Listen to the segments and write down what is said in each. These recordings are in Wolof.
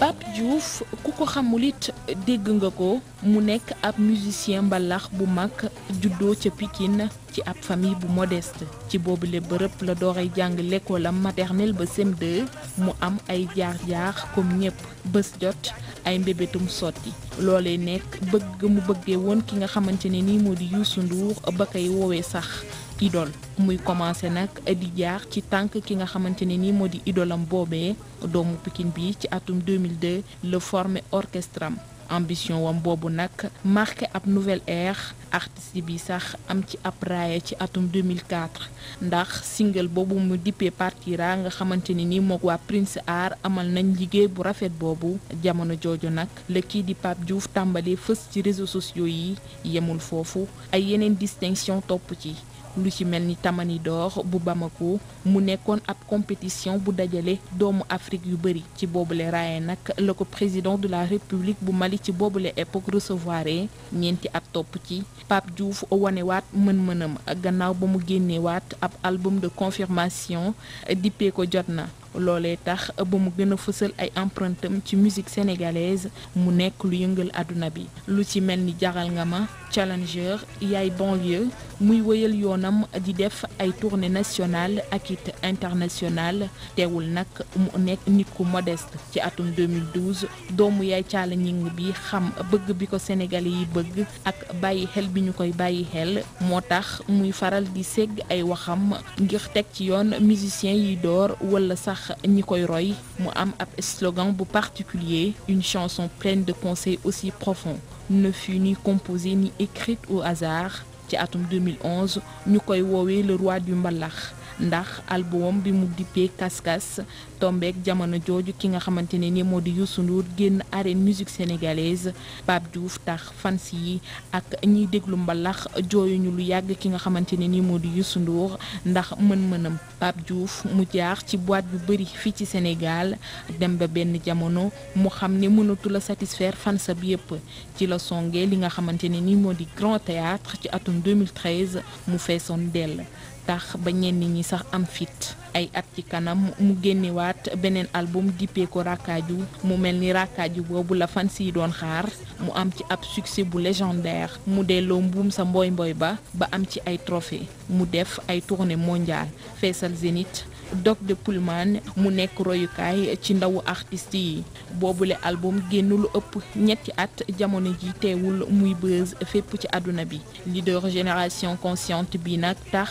Pape Diouf ku ko xamul it dégg nga ko mu nekk ab musicien mbalax bu mag juddoo ca pikin ci ab famille bu modeste ci boobule bërëb la dooree jàng lekkoolam am maternelle ba cm mu am ay jaar-jaar comme ñépp bés jot ay mbébétum sotti loolee nekk bëgg mu bëggee woon ki nga xamante ne nii moo di Youssou Ndour ba koy woowee sax. idole muy commencé nag di jaar ci tànk ki nga xamante ne nii moo di idolam boobee doomu Pikine bi ci atum 2002 la formé orchestre am ambition wam boobu nag marqué ab nouvelle ère artiste bi sax am ci ab raaya ci atum 2004 ndax single boobu mu dippee partira nga xamante ne ni mook waa Prince Art amal nañ liggéey bu rafet boobu jamono jooju nag la kii di Pape Diouf tàmbali fës ci réseau sociaux yi yemul foofu ay yeneen distinction topp ci lu ci mel ni tamani door bu Bamako mu nekkoon ab compétition bu dajale doomu Afrique yu bëri ci boobule raaye nag la ko président de la république bu Mali ci boobule époque recevoir ñeenti at topp ci Pape Diouf waat mën-mënam gannaaw ba mu génneewaat ab album de confirmation dippee ko jot na loolee tax ba mu gën a fësal ay empreintam ci musique sénégalaise mu nekk lu yëngal àdduna bi lu ci mel ni jaral nga ma challenger yaay banlieue muy wëyal yoonam di def ay tournée nationale ak it internationale teewul nag mu nekk nit ku modeste ci atum 2012 doomu yaay caala bi xam bëgg bi ko sénégalais yi bëgg ak bàyyi xel bi ñu koy bàyyi xel moo tax muy faral di ségg ay waxam ngir teg ci yoon musicien yi door wala sax tax ñi koy roy mu am ab slogan bu particulier une chanson pleine de conseils aussi profonds ne fut ni composée ni écrite au hasard ci atum 2011 ñu koy woowee le roi du mbalax ndax albom bi mu dippee kaskas tombeek jamono jooju ki nga xamante ne ni moo di Youssou Ndour génn arène musique sénégalaise Pape Diouf tax fans yi ak ñiy déglu mbalax jooyuñu lu yàgg ki nga xamante ne ni moo di Youssou Ndour ndax mën-mënam Pape Diouf mu jaar ci boîte bu bëri fii ci Sénégal dem ba benn jamono mu xam ne mënatu la satisfaire fansa bi yëpp ci la songe li nga xamante ne ni moo di Grand Théâtre ci atum 2013 mu feesoon dell tax ba ñenn ñi sax am fit ay at ci kanam mu génnewaat beneen album dippee ko rakkaaju mu mel ni rakkaaju boobu la fan si doon xaar mu am ci ab succès bu légendaire mu delloo mbuum sa mbooy mbooy ba ba am ci ay trophée mu def ay tournée mondiale feesal Zénith dog de Pullman mu nekk royukaay ci ndawu artiste yi boobule album génn lu ëpp ñetti at jamono ji teewul muy buzz fépp ci àdduna bi leader génération consciente bi nag tax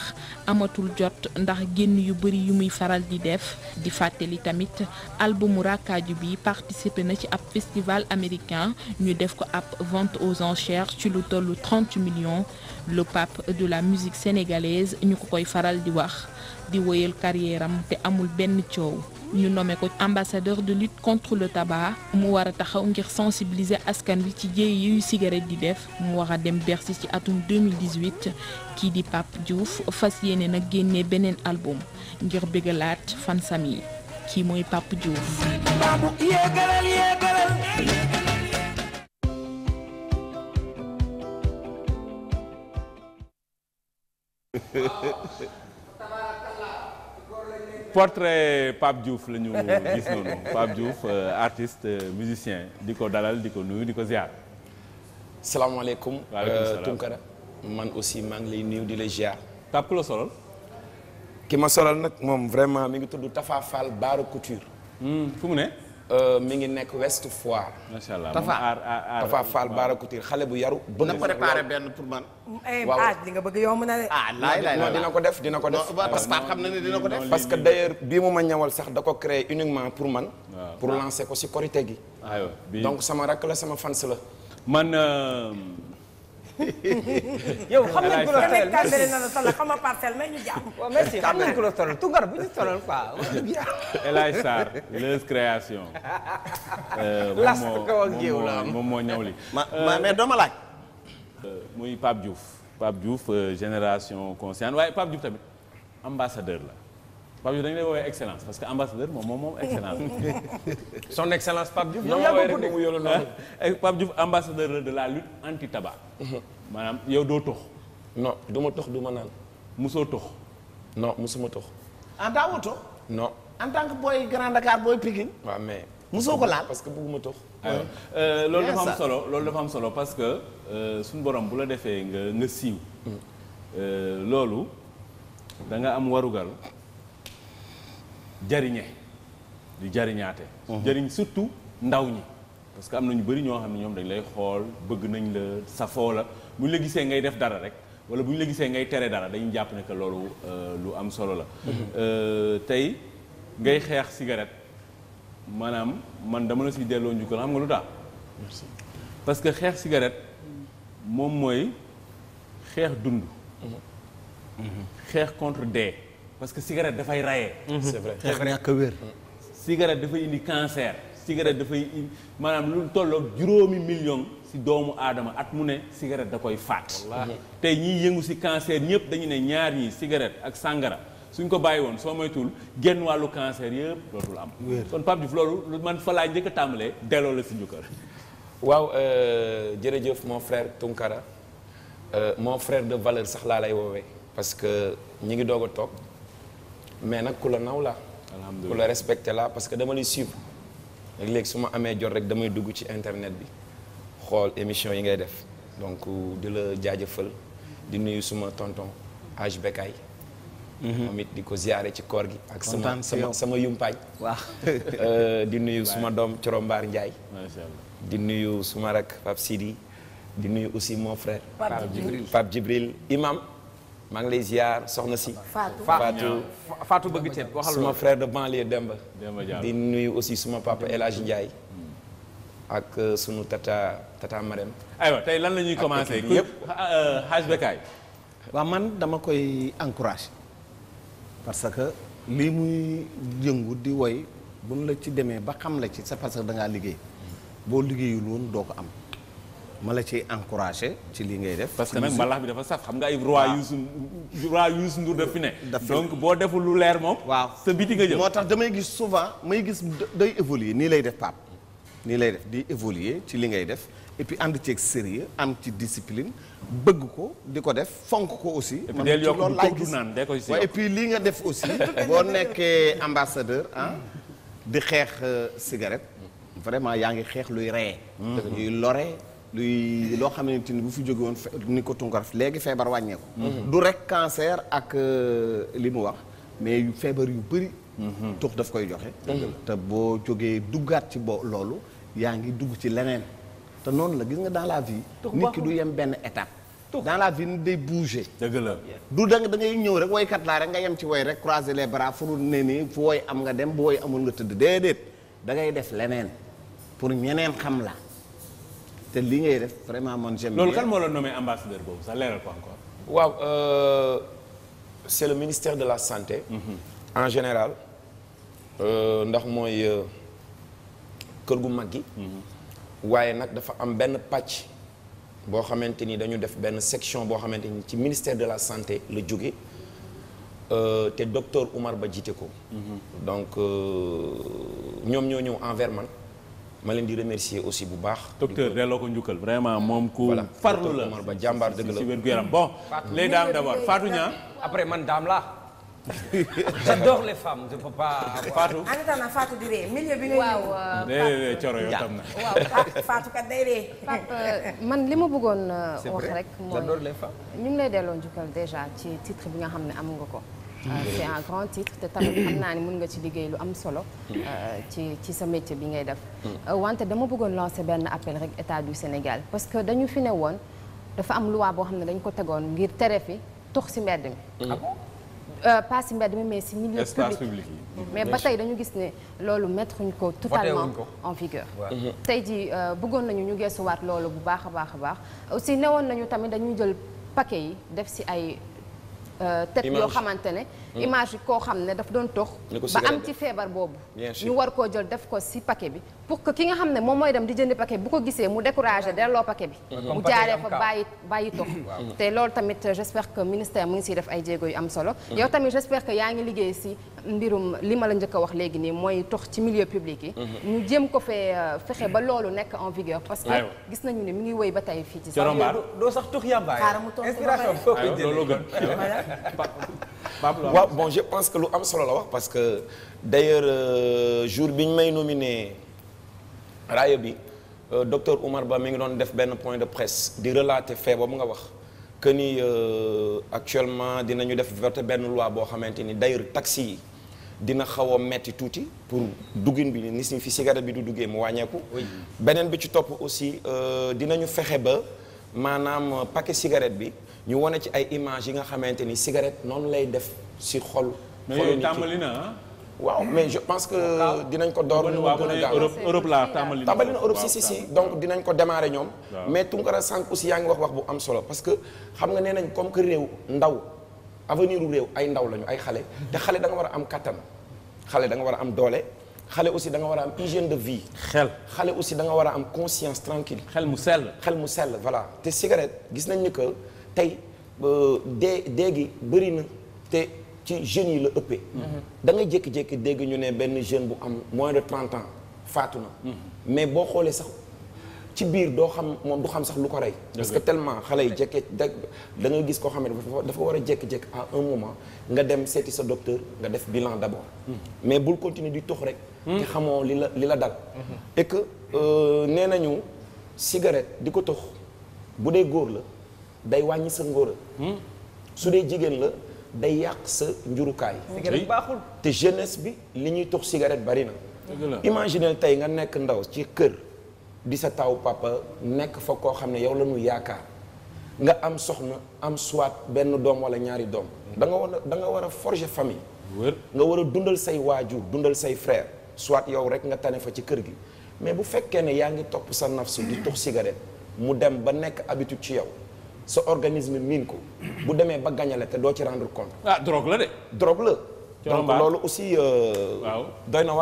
amatul jot ndax génn yu bari yu muy faral di def di fàttali tamit albumu rakkaaju bi participé na ci ab festival américain ñu def ko ab vente aux enchères ci lu tollu 30 millions le pape de la musique sénégalaise ñu ko koy faral di wax di woyal carrière te amul benn coow. ñu nommé ko ambassadeur de lutte contre le tabac mu war a taxaw ngir sensibiliser askan bi ci jéey yu cigarette di def mu war a dem Bercy ci atum 2018 kii di Pape Diouf fas yéene nag génnee beneen album ngir bégalaat fansam yi kii mooy Pape Diouf. portrait Pape Diouf la ñu gis noonu Pape Diouf euh, artiste euh, musicien di ko dalal di ko nuyu di ko ziar. salaamaaleykum. Euh, waaleykum salaam Tunkara man aussi maa ngi lay nuyu di la ziar. Pape ku la solal. ki ma solal nag moom vraiment mi ngi tudd Tafa Fall Baara Couture. Hmm, fu mu ne. Euh, mi ngi nekk West Foire. macha allah Tafa Tafa Fall Barakoutir xale bu yaru. bëgg na préparé benn pour man. Eh, waaw ah li nga bëgg yomb na de. ah laay laay non dina ko def dina ko def. parce que xam na ne dina ko def. parce que d'ailleurs bii mu ma ñawal sax da ko créé uniquement pour man. pour lancer ko si korité gi. donc sama rakk la sama fans la. man. Euh, yow xam nañ ku la tolal tamit na la tolal xam nga parcelle mais ñu jàpp. waaw la tolal tungar bu ñu tolal quoi. El Hadj Sarr les moo ñëw li. ma ma eh, mais dooma laaj. Eh, muy Pape Diouf Pape Diouf eh, génération consciente waaye Pape Diouf tamit ambassadeur la. Pape Diouf dañu lay woowee excellence parce que ambassadeur moom moom moom excellence. son excellence Pape Diouf. yow ko bëgg mu yoroon noonu. Eh, Pape Diouf ambassadeur la de la lutte anti tabac. Mhm. maanaam yow doo tox. non du ma tox du ma naan. musoo tox. non musuma tox. en tant que tox. non en tant que booy Grand Dakar booy Pikine. waaw mais. musoo ko laal parce que bëgguma tox. Ah euh, loolu dafa am solo loolu dafa am solo parce que euh, suñu borom bu la defee nga nga siiw. Mm. Euh, loolu da nga am warugal. jariñe di jariñaate mhm. jariñ surtout ndaw ñi parce que am na ñu bëri ñoo xam ne ñoom dañ lay xool bëgg nañ la safoo la bu ñu la gisee ngay def dara rek wala bu ñu la gisee ngay tere dara dañuy jàpp ne que loolu euh, lu am solo la mhm. euh, tey ngay xeex cigarette maanaam man dama la si delloo njukkal xam nga lu tax parce que xeex cigarette moom mooy xeex dund mhm. xeex contre de parce que cigarette dafay raye. Mm-hmm. c'est vrai xeex ñàkk a wér. cigarette dafay indi cancer. cigarette dafay indi maanaam lu tolloog juróomi million si doomu aadama at mu ne cigarette da koy faat. tey ñiy yëngu si cancer ñëpp dañu ne ñaar yi cigarette ak sàngara suñ ko bàyyi woon soo moytuwul genn wàllu cancer yëpp dootul am. kon Pape loolu lu man fa laa njëkk a tàmbalee delloo la si njukkal. waaw euh, jërëjëf mon frère Tunkara euh, mon frère de valeur sax laa lay woowee parce que ñi ngi doog a toog. mais nag ku la naw la ku la respecté la parce que dama lay suivre léeg-léeg su ma amee jot rek damay dugg ci internet bi xool émission yi ngay def donc di la jaajëfal di nuyu suma tonton Aj Bekay mhm. di ko ziare ci koor gi ak sama sama sama yumpaañ waaw euh, di nuyu suma doom Corombaar Ndiaye di nuyu suma rak Pape Sidi di nuyu aussi mon frère Pape imam maa ngi lay ziar soxna si. Fatou Fatou Fatou bëgg ceeb waxal suma frère de banlieue Demba. di nuy aussi suma papa élage Hadj Ndiaye. ak euh, sunu tata tata tey lan lañuy ñuy commencé yëpp Hadj euh, Bekaay. waaw man dama koy encourage parce que lii muy yëngu di woy bu nu la ci demee ba xam la ci c'est parce que da ngaa liggéey. boo liggéeyul woon doo ko am. ma la ciy encouragé ci li ngay def. parce que nag mbalax bi dafa saf xam nga ay roi Youssou roi Youssou Ndour daf fi ne. donc boo deful lu leer moom. waaw sa biti nga jëm. moo tax damay gis souvent may gis day évoluer nii lay def pap nii lay def di évoluer ci li ngay def et puis ànd ceeg sérieux am ci discipline bëgg ko di ko def fonk ko aussi. man ci loolu de gis et puis lii nga def aussi boo nekkee ambassadeur ah di xeex euh, cigarette vraiment yaa ngi xeex luy reye. ñuy mm. luy loo xamante ni bu fi jóge woon ni ko Tunkar léegi feebar wàññeeku. Mhm. du rek cancer ak euh, li mu wax mais yu feebar yu bëri. Mhm. tux daf koy joxe. Mhm. te boo jógee duggaat ci bo loolu yaa ngi dugg ci leneen te noonu la gis nga dans la vie. nit du yem benn étape. dans la vie day bouger. dëgg du da da ngay ñëw rek woykat laa rek nga yem ci woy rek croiser les baraa fu ne nii fu woy am nga dem bu woy amul nga tëdd déedéet da ngay def leneen pour ñeneen xam la. te li ngay def vraiment man j'aime loolu kan moo la nommé ambassadeur boobu sax leeral ko encore. waaw euh, c'est le ministère de la santé. Mhm. en général. Euh, ndax mooy euh, kër gu mag gi. Mhm. waaye nag dafa am benn pàcc. boo xamante ni dañu def benn section boo xamante ni ci ministère de la santé la jóge euh, te docteur Oumar Ba jiite ko. Mhm. donc ñoom ñoo ñëw envers man. ma leen di remercier aussi bu baax. docteur delloo ko njukkal vraiment moom ku. farlu la Omar Ba jàmbaar dëgg la si wér gu yaram bon. Mm. les dames d'abord Fatou Niang. après man daam la J'adore les femmes je peux pas. Fatou kat day ree. Euh, man li ma buggoon euh, wax rek. mooy ñu ngi lay delloo njukkal déjà ci titre bi nga xam ne am nga ko. Euh, mm. c'est un grand titre te tamit xam naa ne mun nga ci liggéey lu am solo. Mm. Euh, ci ci sa métier bi ngay def. Mm. Euh, wante dama bëggoon lancer benn appel rek état du Sénégal parce que dañu fi ne woon dafa am loi boo xam ne dañ ko tegoon ngir tere fi tux si mbedd mi. Ah pas si mbedd mi mais si milieu mais ba tey dañu gis ne loolu mettre ñu ko totalement en vigueur mm-hmm. tey jii bëggoon nañu ñu geesuwaat loolu bu baax a baax a baax aussi ne woon nañu tamit dañuy jël paquet yi def si ay Euh, tête yoo xamante ne hmm. image koo xam ne daf doon tox ba am ci feebar boobu ñu war koo jël def ko si paquet bi pour que ki nga xam ne moom mooy dem di jëndi paquet bu ko gisee mu découragé delloo paquet bi hmm. mu jaaree fa bàyyi bàyyi tox te loolu tamit j'espère que ministère mu ngi siy def ay jéego yu am solo hmm. yow tamit j'espère que yaa ngi liggéey si mbirum li ma la njëkk a wax léegi nii mooy tox ci milieu public yi. Mhm. ñu jëm ko fee euh, fexe ba loolu nekk en vigueur. parce que gis nañu ne mi ngi woy ba tey fii ci. corombaar doo sax tux yàmbaay. xaaral mu bon je pense que lu am solo la wax parce que d'ailleurs euh, jour bi ñu may nominé raaya bi euh, docteur Oumar Ba mi ngi doon def benn point de presse di relater feeba boobu nga wax. que ni actuellement dinañu def voté benn loi boo xamante ni d'ailleurs taxi yi dina xaw a metti tuuti pour duggin bi ni si fi cigarette bi du duggee mu wàññeeku. beneen bi ci topp aussi euh, dina ñu fexe ba maanaam paquet cigarette bi ñu wane ci ay image yi nga xamante ni cigarette noonu lay def si xol. xolu nit tàmbali na ah. waaw mais je pense que dinañ ko door ñu gën a gaaw Europe la tàmbali Europe si si si donc dinañ ko démarrer ñoom. mais Tunkara sànq aussi yaa ngi wax wax bu am solo parce que xam nga nee nañ comme que réew ndaw. avenir u réew ay ndaw lañu ay xale te xale danga war a am kattan xale da nga war a am doole xale aussi da nga war a am hygiène de vie. xel xale aussi danga war a am conscience tranquille xel mu sell. xel mu sell voilà te cigarette gis nañ ni que tey euh, dee dee bëri na te ci jeunes yi la ëppee. Mhm. da nga jékki-jékki dégg ñu ne benn jeune bu am moins de 30 ans faatu na. Mhm. mais boo xoolee sax. ci biir doo xam moom du xam sax lu ko rey parce que telement xale yi jekke da nga gis koo xam ne dafa war a jekk-jekk à un moment nga dem seeti sa docteur nga def bilan d'abord hmm. mais bul continuer di tux rek hmm. te xamoo li la li la dal hmm. et que euh, nee nañu cigarette di ko tux bu dee góor la day wàññi sa ngóora su dee jigéen la day yàq sa njurukaay cigarette baaxul te jeunesse bi li ñuy tux cigarette bari na imagine tey nga nekk ndaw ci kër di sa taw papa nekk fa koo xam ne yow la ñu yaakaar nga am soxna am soit benn doom wala ñaari doom da nga war a da nga war a forger famille nga war a dundal say waajur dundal say frère soit yow rek nga tane fa ci kër gi mais bu fekkee ne yaa ngi topp sa nafsu di tux cigarette mu dem ba nekk habitude ci yow sa organisme miin ko bu demee ba gañale te doo ci rendre compte ah drogue la de drogue la donc loolu aussi euh, waaw doy na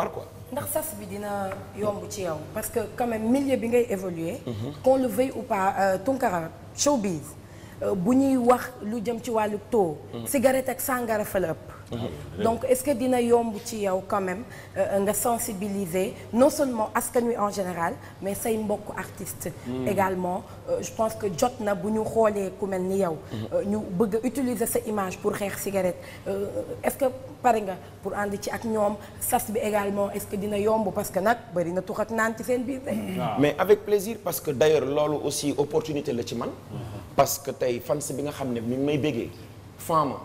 ndax sas bi dina yomb ci yow parce que quand même milieu bi ngay évoluer mhm. qu'on le veuille ou pas euh, Tunkara showbiz Euh, bu ñuy wax lu jëm ci wàllu taux. Mhm. cigarette ak sàngara fa la ëpp. Mhm. Mhm. donc est-ce que dina yomb ci yow quand même euh, nga sensibiliser non seulement askan wi en général mais say mbokk artiste également euh, je pense que jot na bu ñu xoolee ku mel ni yow. ñu bëgg a utiliser sa image pour xeex cigarette est-ce que pare nga pour ànd ci ak ñoom sas bi également est-ce que dina yomb parce que nag bari na tux ak naan ci seen biir. mais avec plaisir parce que d'ailleurs loolu aussi opportunité la ci man. parce que tey fans bi nga xam ne mi may béggee faama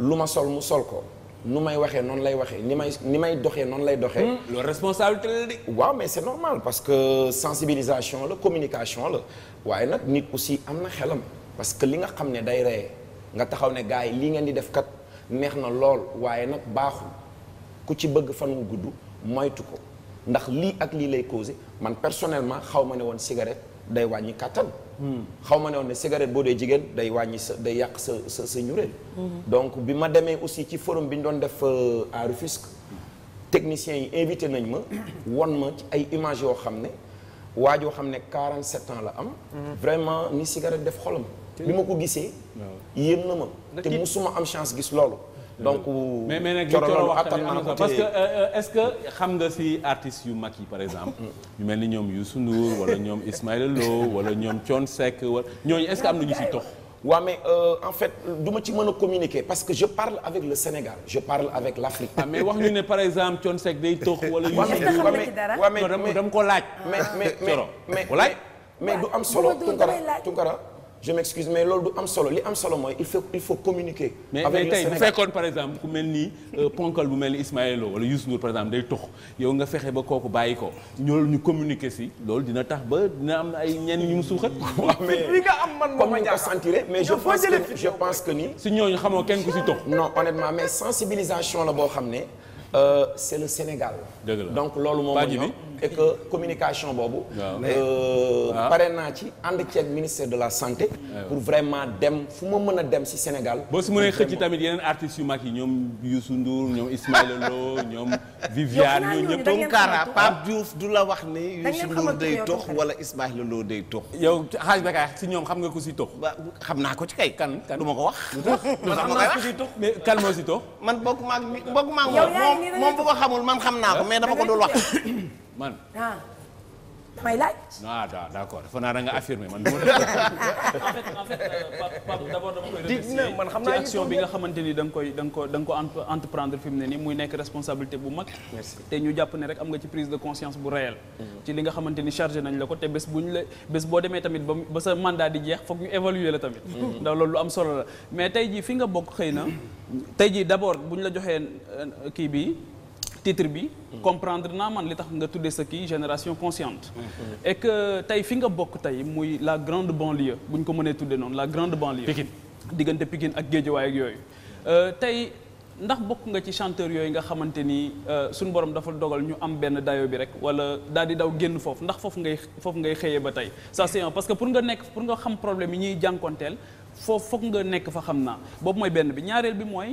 lu ma sol mu sol ko nu may waxee noonu lay waxee ni may ni may doxee noonu lay doxee. Hmm, loolu responsabilité la de. waaw mais c'est parce que sensibilisation la communication la waaye nag nit aussi am na xelam parce que li nga xam ne day reye nga taxaw ne gars yi lii ngeen di def kat neex na lool waaye nag baaxul ku ci bëgg fan wu gudd moytu ko ndax lii ak lii lay causé man personnellement xaw ma ne woon cigarette day wàññi kàttan. xaw ma ne woon ne cigarette boo dee jigéen day wàññi sa day yàq sa sa sa donc bi ma demee aussi ci forum bi ñu doon def euh, à Rufisque techniciens yi invité nañ ma won ma ay images yoo xam ne waa joo xam ne 47 ans la am vraiment ni cigarette def xolam bi ma ko gisee yéem na ma te musuma am chance gis loolu donc euh, mais mais nag li Coro wax parce que euh, est-ce que xam nga si artistes yu mag yi par exemple. ñu mel ni ñoom Youssou Ndour wala ñoom Ismaël Lo wala ñoom Thione Seck wala ñooñu est-ce que am na ñu si tox. waaw mais euh, en fait du ma ci mën a communiqué parce que je parle avec le Sénégal je parle avec l'Afrique. ah mais wax ñu ne par exemple Thione Seck day tox wala. Youssou Ndour waaw mais waaw mais dama ko laaj. mais mais du am solo Tunkara je m'excuse mais loolu du am solo li am solo mooy il faut il faut communiquer. mais mais tey bu fekkoon par exemple ku mel ni euh, ponkal bu mel ni Ismaël wala Youssou Ndour par exemple day tox yow nga fexe ba kooku bàyyi ko ñoolu ñu communiquer si loolu dina tax ba dina am ay ñenn ñu mu suuxat. mais li nga am man moom ma ko mais je pense que je pense que ni. si ñooñu xamoo kenn ku si tox. non honnêtement mais sensibilisation la boo xam ne euh, c'est le Sénégal. donc loolu moom ñoom et que communication boobu euh, ah. pare naa ci ànd ceeg ministère de la santé vraiment dem fu ma mën a dem si Sénégal boo si mënee xëcc tamit yeneen artistes yu mag yi ñoom Youssou Ndour ñoom Ismaïla Lo ñoom Viviane ñoom ñëpp Tounkara Pape Diouf du la wax ne Youssou Ndour day wala Ismaïla Lo day tox yow xaaj bakaay si ñoom xam nga ko si tox xam naa ko ci kay kan kan ma ko wax man xam naa ko si tox man bokk maa bokk maa moom bu ko xamul man xam naa ko mais dama ko dul wax. man ah damay laaj. ah d' accord dafa naa da nga affirmé man. en fait en fait Pape d' abord xam naa ci bi nga xamante ni da nga koy da nga ko da nga fi mu ne nii muy nekk responsabilité bu mag. te ñu jàpp ne rek am nga ci prise de conscience bu réel. Mhm. ci li nga xamante ni chargé nañ la ko te bés bu ñu la bés boo demee tamit ba ba sa mandat di jeex foog ñu évaluer la tamit. Mhm. ndax loolu lu am solo la mais tey jii fi nga bokk xëy na tey jii d' abord bu ñu la joxee euh, kii bi. titre bi comprendre naa man li tax nga tuddee sa kii génération consciente et que tey fi nga bokk tey muy la grande banlieue bu ñu ko mënee tuddee noonu la grande banlieue Pikine diggante Pikine ak Guédiawaye ak yooyu euh, tey ndax bokk nga ci chanteur yooyu nga xamante ni euh, suñu borom dafa dogal ñu am benn dayo bi rek wala daal di daw génn foofu ndax foofu ngay foofu ngay xëyee ba tey ça c'est un parce que pour nga nekk pour nga xam problème yi ñuy jànkonteel foofu foog nga nekk fa xam naa boobu mooy benn bi ñaareel bi mooy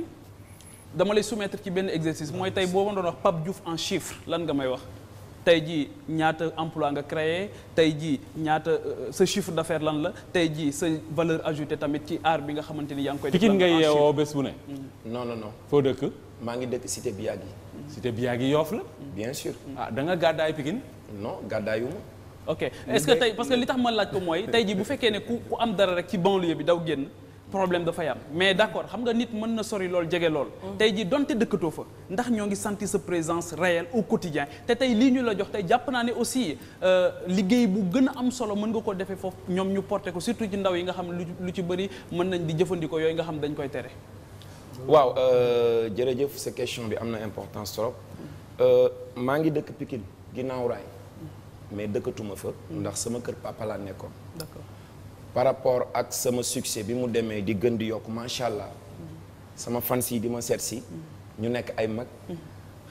dama lay soumettre ci benn exercice mooy tey boo ma doon wax Pape Diouf en chiffre lan nga may wax tey jii ñaata emploi nga créé tey jii ñaata euh, euh, sa chiffre d'affaires lan la tey jii sa valeur ajoutée tamit ci art bi nga xamante ni yaa ngi koy. Pikine nga yeewoo bés bu ne. Mm-hmm. non non non. foo dëkk. maa ngi dëkk Cité Biagui. Cité Biagui Yoff la. Mm-hmm. bien sûr. ah da nga gàddaay Pikine. non gàddaayuma. ok est-ce que tey parce que li tax ma laaj ko mooy tey ji bu fekkee ne ku ku am dara rek ci banlieue bi daw génn. problème dafa am mais d'accord xam nga nit mën na sori lool jege lool. Mm. tey jii donte dëkkatoo fa ndax ñoo ngi sentir sa présence réelle au quotidien te tey lii ñu la jox tey jàpp naa ne aussi euh, liggéey bu gën a am solo mën nga ko defee foofu ñoom ñu porté ko surtout ci ndaw yi nga xam lu ci bëri mën nañ di jëfandikoo yooyu nga xam dañ koy tere. waaw euh, jërëjëf sa question bi am na importance trop euh, maa ngi dëkk Pikine ginnaaw raay mm. mais dëkkatuma fa. Mm. ndax sama kër papa laa par rapport ak sama succès bi mu demee di gën di yokk macha allah sama fan yi di ma set si ñu nekk ay mag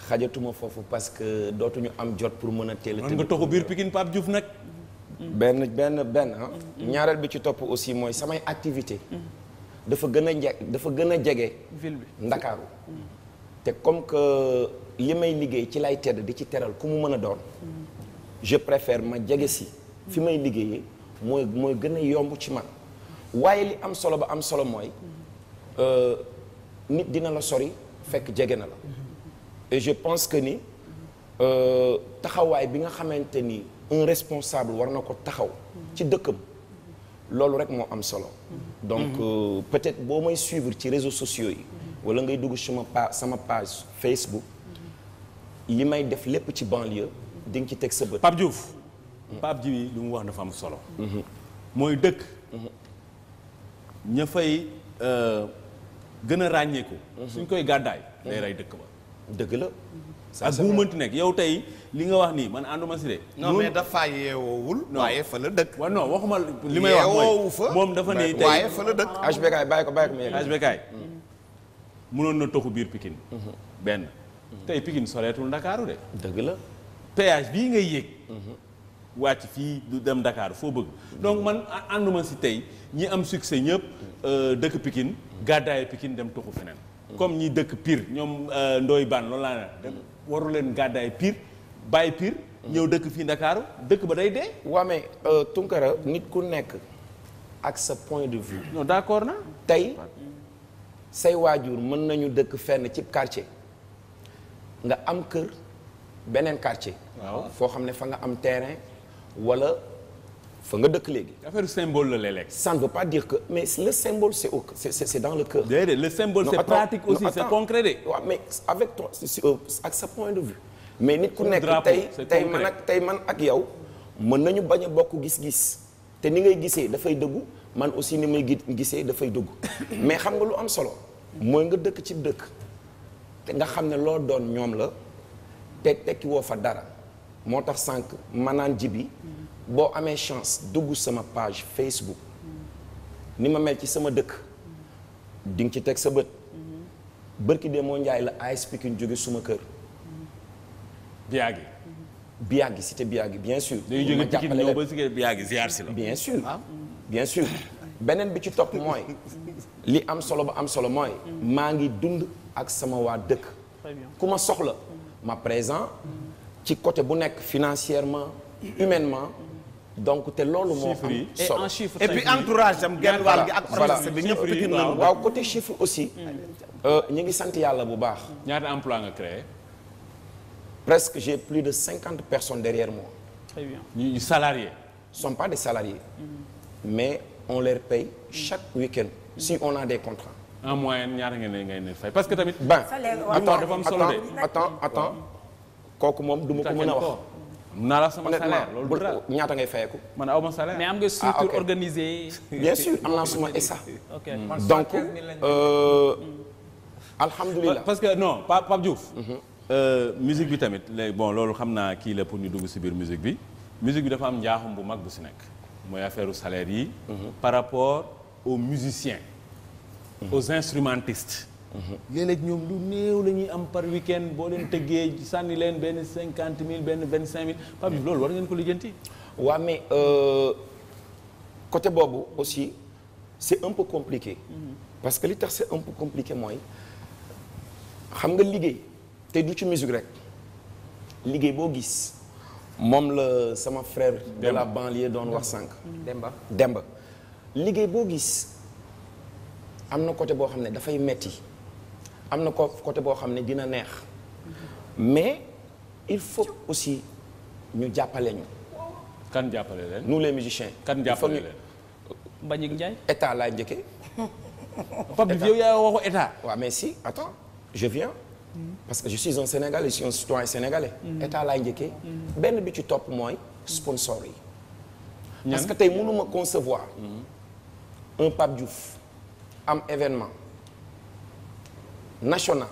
xajatuma foofu parce que dootuñu am jot pour mën a teel a nga toxu biir Pikine Pape Diouf nag benn benn benn ah. ñaareel bi ci topp aussi mooy samay activité dafa gën a je dafa gën a jege ville bi Ndakaaru te comme que li may liggéey ci lay tedd di ci teral ku mu mën a doon je préfère ma jege si fi may liggéeyee mooy mooy gën a yomb ci man waaye li am solo ba am solo mooy euh, nit dina la sori fekk jege na la et je pense que ni euh, taxawaay bi nga xamante ni un responsable war na ko taxaw ci dëkkam loolu rek moo am solo donc euh, peut-être boo may suivre ci réseau sociaux yi wala ngay dugg suma page sama page Facebook li may def lépp ci banlieue di nga ci teg sa bët Pape ji Djibi lu mu wax dafa am solo. Mhm. mooy dëkk. ña fay euh, gën a ràññeeku. Mhm. suñ koy gàddaay. day rey dëkk ba. dëgg la. ak bu mënti nekk yow tey li nga wax nii man ànduma si de. non mais dafa yeewoowul. may wax mooy moom ne tey waaye dëkk. HBK bàyyi ko bàyyi ko mu HBK mënoon na toxu biir Pikine. Mhm. benn tey Pikine soreetul Ndakaaru de. dëgg la péage bii ngay yéeg. wàcc fii du dem Dakar foo bëgg donc man ànduma si tey ñi am succès ñëpp euh, dëkk pikin gàddaaye Pikine dem tuxu feneen comme ñi dëkk piir ñoom euh, Ndoye Bane loolu laa ne waru leen gàddaaye Pire bàyyi Pire ñëw dëkk fii Ndakaaru dëkk ba day dee waa mais euh, Tunkara nit ku nekk ak sa point de vue non d'accord na tey say waajur mën nañu dëkk fenn ci quartier nga am kër beneen quartier waaw foo xam ne fa nga am terrain wala fa nga dëkk léegi. affaire symbole la pas dire que mais le symbole c' est au c' est, dans le cœur. déedéet le symbole non, c' est attends, pratique aussi non, mais ak euh, sa point de vue. mais nit ku nekk tey tey man ak tey man ak yow mën nañu bañ a bokk gis-gis te ni ngay gisee dafay dëggu man aussi ni may gisee dafay dëggu mais xam nga lu am solo mooy nga dëkk ci dëkk te nga xam ne loo doon ñoom la te tekki woo fa dara moo tax sànq manaan jibi boo amee chance dugg sama page Facebook ni ma mel ci sama dëkk di ci teg sa bët bërki dee moo njaay la AS Pikine jóge suma kër biyaagi biyaagi cité biyaagi bien sûr dañuy jóge Pikine ñëw ba si biyaagi ziar si la bien sûr ah. bien beneen bi ci topp mooy li am solo ba am solo mooy maa ngi dund ak sama waa dëkk ku ma soxla ma présent ci côté bu nekk financièrement humainement donc te loolu moo am solo et puis entourage am genn wàll gi ak orchestre bi chiffre aussi euh, ñu ngi sant yàlla bu baax ñaar emploi nga créé presque j'ai plus de cinquante personnes derrière moi très bien ñu salariés sont pas des salariés mais on leur paye chaque week-end si on a des contrats en moyenne ñaata ngeen ngay ne que tamit ben attends kooku moom du ma ko mën a naa la sama salaire loolu dara ñaata ngay fayeku. man a ma salaire mais am nga ah, structure organisée. bien suma SA. ok hmm. donc euh, parce que non Pape Pape Diouf. Mhm. Euh, bi tamit bon loolu xam naa kii la pour ñu dugg si biir musique bi. musique bi dafa am njaaxum bu mag bu si nekk. mooy affaire salaire yi. Mhm. par rapport aux musiciens. Mhm. aux instrumentistes. léeg-léeg ñoom lu néew la ñuy am par week-end boo leen tëggee sànni leen benn cinquante mille benn vingt cinq mille Pape Diouf loolu war ngeen ko lijjanti. waaw mais euh, côté boobu aussi c'est un peu mm-hmm. parce que li tax c'est un peu compliqué mooy xam nga liggéey te du ci musique rek liggéey boo gis moom la sama frère. de la banlieue doon wax sànq. Mm-hmm. Demba Demba liggéey boo gis am na côté boo xam ne dafay metti am na ko côté boo xam ne dina neex mais il faut aussi ñu jàppale ñu. kan jàppale leen nous les musiciens. kan jàppale leen Mbagnick Ndiaye. état laa njëkkee. Pape Diouf yow yaa waxu état. waaw mais si attends je viens. parce que je suis un sénégalais je suis un citoyen sénégalais. Mm-hmm. état laay njëkkee. Mm-hmm. benn bi ci topp mooy sponsor yi. parce que tey mënuma concevoir. Mm-hmm. un Pape am événement. national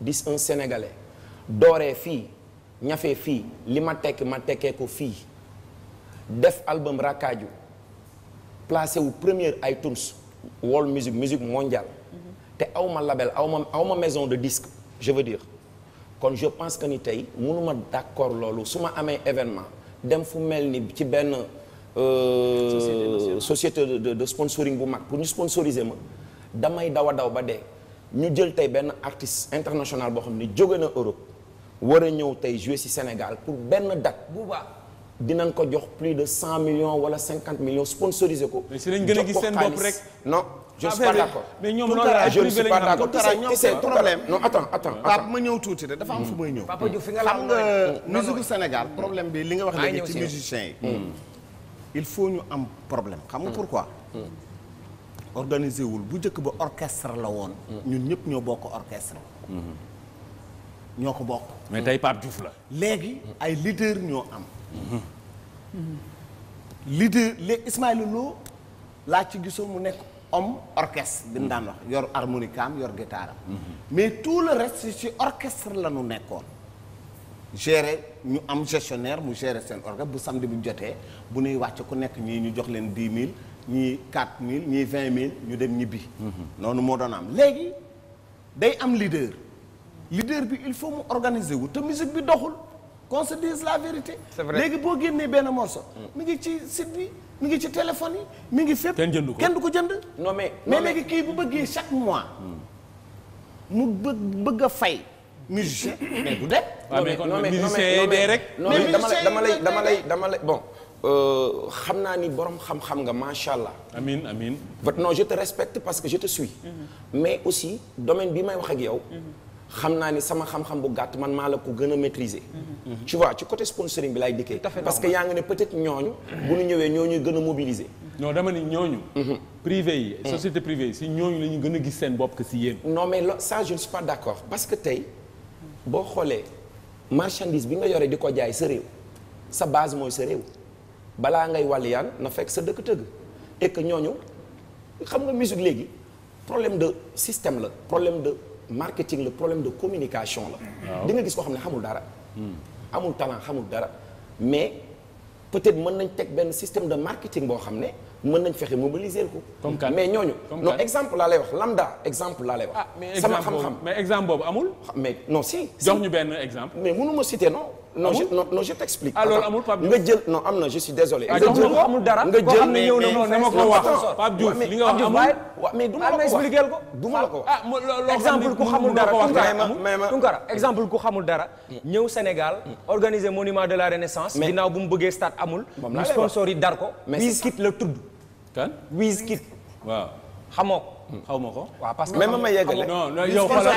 dis un sénégalais dooree fii ñafee fii li ma tekk ma tekkee ko fii def album rakkaaju placé wu première iTunes world music musique mondiale mhm. te aw ma label aw ma aw ma maison de disque je veux dire kon je pense que ni tey mënuma d'accord loolu su ma amee événement dem fu mel ni ci benn euh, société de de sponsoring bu mag pour ñu sponsoriser ma damay daw a daw ba dee ñu jël tey benn artiste international boo xam ne jóge na Europe war a ñëw tey jouer ci Sénégal pour benn date bu baax dinañ ko jox plus de cent millions wala cinquante millions sponsorisé ko. si lañ gën gis seen bopp rek non. je ne suis pas d'accord mais ñoom noonu la je ne suis pas d'accord tu sais problème non am fu may ñëw. fi nga xam nga musique Sénégal problème bi li nga wax léegi ci musiciens yi. Mm. il faut ñu am problème xam nga mm. pourquoi. Mm. organisé wul bu njëkk ba orchestre la woon. ñun ñëpp ñoo bokk orchestre. ñoo ko bokk. mais tay Pape Diouf la. léegi ay leader ñoo am. leader léegi Ismaïla loo laa ci gisoon mu nekk homme orchestre. bi mu daan wax yor harmonicam yor guitare mais tout le reste ci orchestre la ñu nekkoon. gere ñu am gestionnaire mu gere seen orchestre bu samedi bu jotee bu nuy wàcc ku nekk ñii ñu jox leen dix mille. ñii 4000 ñii 20000 ñu dem ñibbi. noonu moo doon am léegi day am leader. leader bi il faut mu organiser wu te musique bi doxul qu'on la vérité. c'est léegi boo génnee benn morceau. mi ngi ci site bi mi ngi ci téléphone yi mi ngi fépp. kenn jënd ko kenn du ko jënd. non mais mais léegi kii bu bëggee chaque mois. mu bëgg bëgg a fay. musicien mais du dem. non non mais musicien yi dee rek. mais dama lay dama lay dama lay bon. Euh, xam naa ni borom xam-xam nga macha allah. amiin amiin. non je te respecte parce que je te suis. Mm-hmm. mais aussi domaine bi may wax ak yow. Mm-hmm. xam naa ni sama xam-xam bu gàtt man maa la ko gën a maîtriser. Mm-hmm. tu vois ci côté sponsoring bi laay dikkee. parce que yaa ngi ne peut-être ñooñu. bu ñu ñëwee ñooñu gën a mobiliser. non dama ni ñooñu. privé yi. société privée yi si ñooñu la ñu gën a gis seen bopp que si yéen. non mais sa je ne suis pas d'accord parce que tey boo xoolee marchandise bi nga yore di ko jaay sa sa base mooy sa balaa ngay wàlliyaan na fekk sa dëkk tëgg et que ñooñu xam nga musique léegi problème de système la problème de marketing la problème de communication la di nga gis koo xam ne xamul dara hmm. amul talent xamul dara mais peut-être mën nañ teg benn système de marketing boo xam ne mën nañ fexe mobiliser ko. comme mais ñooñu. non exemple laa lay wax lambda exemple laa lay wax. Ah, sama xam-xam mais exemple boobu amul. mais non si. jox exemple. mais mënu ma citer non. non je non non je t'explique. ah loolu amul Pape Diouf nga jël non am na je suis désolé. Ah, nga jël amul dara nga jël mais Pape Diouf li nga wax amul waaw mais du ma ah, la ko wax du ma la ko wax. ah exemple ku xamul dara Tunkara exemple ku xamul dara. ñëw Sénégal mm. organiser monument de la Renaissance. ginnaaw bu mu bëggee stade amul. moom sponsor yi dar ko. mais Wizkid la tudd. kan Wizkid. waaw xamoo ko. xaw ma ko. waaw parce que mais ma ma yeggale. non non yow xoolal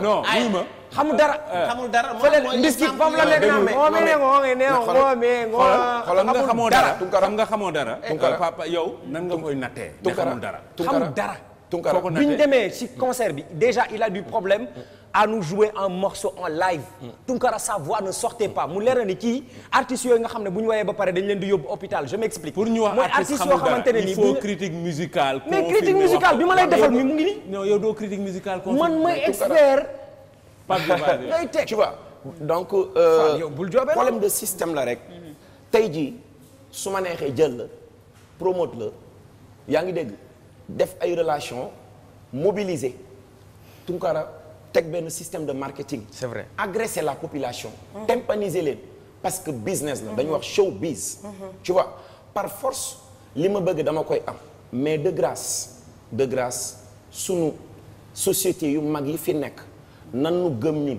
non wuy ma. xamul dara. Eh. xamul dara moom biskit moom la nekk naa mais. xoolal nga xamoo dara xam nga xamoo dara. Eh, papa yow nan nga koy nattee. tunkara xamul dara. tunkara tunkara bi ñu demee ci concert bi déjà il a du problème. à nous jouer un morceau en live. Tunkara sa voix ne sortait pas mu leer na ni kii artistes yooyu nga xam ne bu ñu woyee ba pare dañ leen di yóbbu hôpital je m'explique. pour ñu wax artistes yoo xamante ne nii il faut critique musicale. mais critique musicale bi ma lay defal mi mu ngi nii. non yow doo critique musicale. man may expert. Pape Diouf teg tu vois donc. Euh, problème de système la rek. tey jii su ma neexee jël la la yaa ngi dégg def ay relation mobiliser Tunkara. teg benn système de marketing. c'est vrai agresser la population. tympaniser leen parce que business la dañu wax showbiz. tu vois par force li ma bëgg dama koy am. mais de grâce de grâce sunu société yu mag yi fi nekk nan nu gëm ñun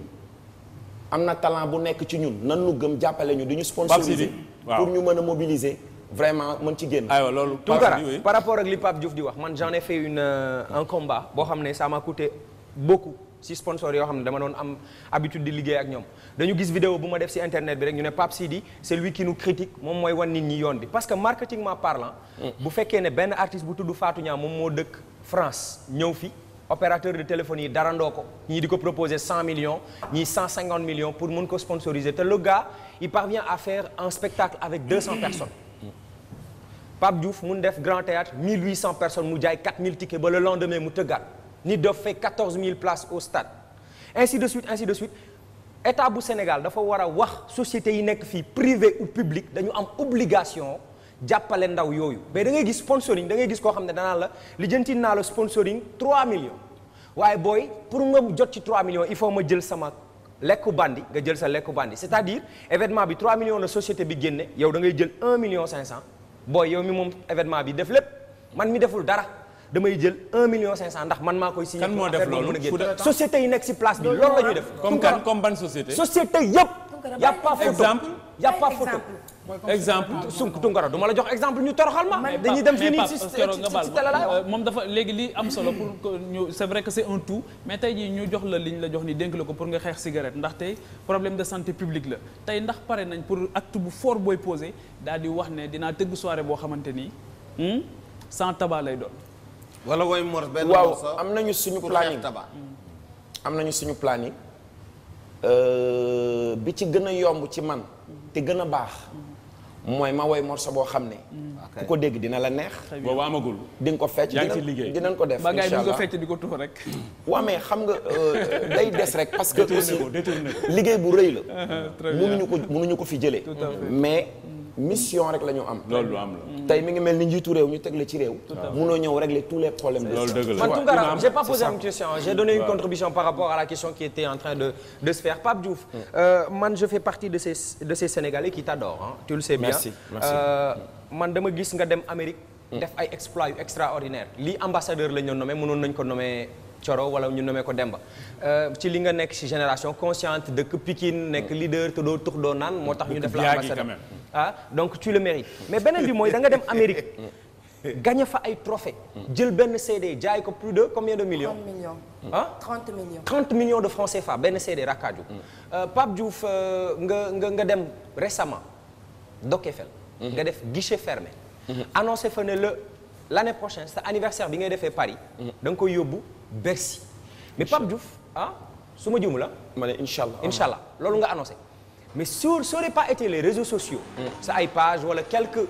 am na talent bu nekk ci ñun nan nu gëm jàppale ñu di ñu sponsoriser pour ñu mën a mobiliser. vraiment mën ci génn. aywa loolu Tounkara par rapport ak li Pape Diouf di wax man j'en ai fait une euh, un combat boo xam ne ça m'a coûté beaucoup. si sponsor yoo xam ne dama doon am habitude di liggéey ak ñoom dañu gis vidéo bu ma def si internet bi rek ñu ne Pape Sidi c'est lui qui nous critique moom mooy wan nit ñi yoon bi parce que marketingment parlant hmm. bu fekkee ne benn artiste bu tudd Fatou Niang moom moo dëkk France ñëw fi opérateur de téléphone yi darandoo ko ñii di ko proposer million ñi ñii 150 millions pour mun ko sponsoriser te le gars il parvient à faire un spectacle avec personnes hmm. Pape Diouf mun def grand ni dof fait mille places au stade ainsi de suite ainsi de suite état bu Sénégal dafa war a wax société yi nekk fii privé ou public dañu am obligation jàppale ndaw yooyu mais da ngay gis sponsoring da ngay gis koo xam ne danaa la lijjanti naa la sponsoring 3 millions waaye booy pour nga jot ci 3 millions il faut ma jël sama lekku bandi nga jël sa lekku bandi c'est-à-dire événement bi 3 millions la société bi génne yow da ngay jël 1 million 500 booy yow mi moom événement bi def lépp man mi deful dara. damay jël 1 million 500 ndax man maa koy signé. kan moo def loolu société yi nekk ci place bi loolu la def. comme comme ban société. société yëpp. y' photo exemple sunk Tunkara du ma la jox exemple ñu toroxal ma. dañuy dem fii nii si si télé la euh, moom dafa léegi li am solo pour c'est vrai que c'est un tout mais tey jii ñu jox la li ñu la jox ni dénk la ko pour nga xeex cigarette ndax tey problème de santé publique la tey ndax pare nañ pour acte bu fort booy posé daal di wax ne dinaa tëgg soirée boo xamante ni sans hmm, tabac lay doon. wala woy mor benn waaw mm. am nañu suñu planning am nañu suñu planning bi ci gën a yomb ci man te gën a baax mooy ma woy morceau boo xam ne. ku ko dégg dina la neex. boobu amagul. di nga ko fecc dinañ ko def. incha allah di ko tuux rek. waaw mais xam nga euh, day des rek. parce que aussi liggéey bu rëy la. mënuñu ko mënuñu ko fi jëlee. mais mission rek la ñu am. loolu am la tey mi ngi mel ni njiitu réew ñu teg la ci réew. munoo ñëw régler tous les problèmes. loolu dëgg la man Tounkara j'ai pas posé par rapport à se mm. euh, man je fais partie de ces de ces Sénégalais qui t'adorent tu le sais bien euh, man dama gis nga dem Amérique. Mm. def ay exploits yu extraordinaire lii ambassadeur la ñu nommé mënoon nañ ko nommé Coro wala ñu nommé ko Demba euh, ci li nga nekk ci génération consciente dëkk Pikine nekk mm. leader te doo tux doo naan moo tax ñu def la ambassadeur ah donc tu le mérites mais beneen bi mooy danga dem Amérique gagné fa ay trophée jël benn CD jaay ko plus de combien de million 30 ah? millions ah 30 de francs CFA benn CD rakkaaju. Mm. Euh, Pape Diouf euh, nga nga nga dem récemment Doc Eiffel. Mm-hmm. nga def guichet fermé. Mm-hmm. annoncé fa ne le l' année prochaine sa anniversaire bi ngay defee Paris. Mm-hmm. da nga koy yóbbu Bercy. mais Pape Diouf ah su ma juum la. Ah? ma ne incha loolu nga annoncé. mais sur ça aurait pas été les réseaux sociaux. Mm. sa ay page wala quelques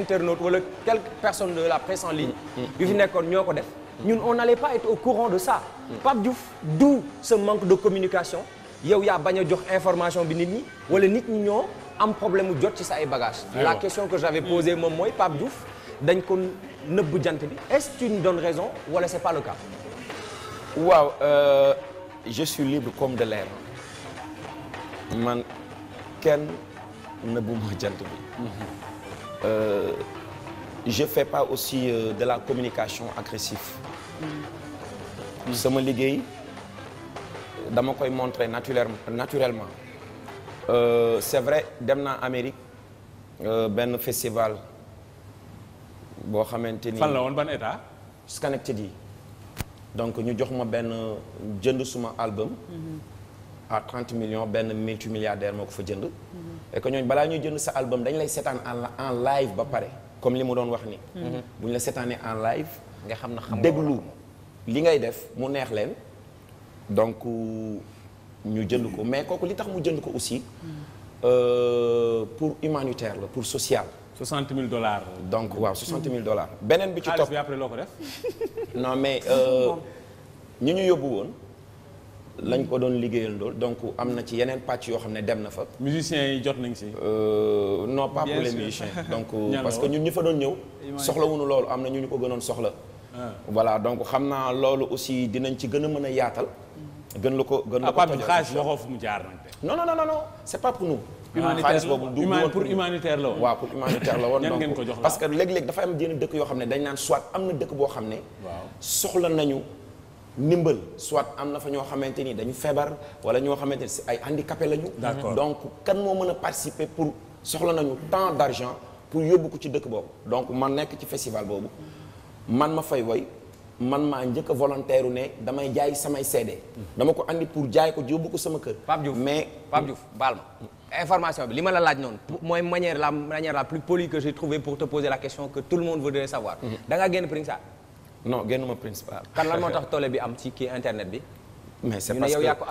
internautes wala quelques personnes de la presse en ligne. Mm. yu fi nekkoon ñoo ko def. ñun on n'allait pas être au courant de ça. Mm. Pape Diouf d'où ce manque de communication yow yaa bañ a jox information bi nit ñi wala nit ñi ñoo am problème mu jot ci sa ay bagages. la question que j'avais posée moom mooy Pape Diouf dañ kon nëbb jant bi est-ce que tu nous raison wala c'est pas le cas. waaw euh, je suis libre comme de l'air kenn nëbbu ma jant bi. Euh, je fais pas aussi euh, de la communication agressive. sama liggéey dama koy montrer naturellement naturellement. Euh, c'est vrai dem na amerique euh, benn festival boo xamante ni. fan la woon ba état. Schenectady yi donc ñu jox ma benn jënd suma album. Mhm. à 30 millions benn multimilliardaire moo ko fa jënd. et que ñooñu balaa ñuy jënd sa album dañ lay seetaan en en live ba pare comme li mu doon wax ni mm-hmm. bu ñu la seetaanee en live. nga xam na xam déglu li ngay def mu neex leen. donc ñu jënd ko mais kooku li tax mu jënd ko aussi. Mm-hmm. Euh, pour humanitaire la pour social. 60 000 dollars. donc waaw 60 mm-hmm. 000 dollars. beneen bi ci topp xaalis bi après loo ko def. non mais euh, ñu ñu yóbbu woon. lañ ko doon liggéeyal lool donc am na ci yeneen pàcc yoo xam ne dem na fa. musiciens yi jot nañ si. Euh, non pas pour les musiciens. donc euh, parce que ñun fa doon ñëw. soxlawuñu loolu am na ñu ñu ko gënoon soxla. Ah. voilà donc xam naa loolu aussi dinañ ci gën a mën a yaatal. gën ko gën la fu mu jaar nag. non non non non c'est pas pour nous. xaalis humanitaire la woon. parce que léeg-léeg dafa am yenn dëkk yoo xam ne dañ naan soit am na dëkk boo xam ne. soxla nañu ndimbal soit am na fa ñoo xamante ni dañu feebar wala ñoo xamante ni si ay handicapé lañu. d'accord donc kan moo mën a participer pour soxla nañu tant d'argent pour yóbbu ko ci dëkk boobu. donc man nekk ci festival boobu man ma fay woy man maa njëkk a volontaire ne damay jaay samay CD. dama ko andi pour jaay ko yóbbu ko sama kër. Pape Diouf mais Pape Diouf baal ma. information bi li ma la laaj noonu mooy manière la manière la plus polie que j'ai trouvé pour non génn ma principal. kan lan moo tax tollé bi am ci kii internet bi. mais c'est parce que yow yaa ko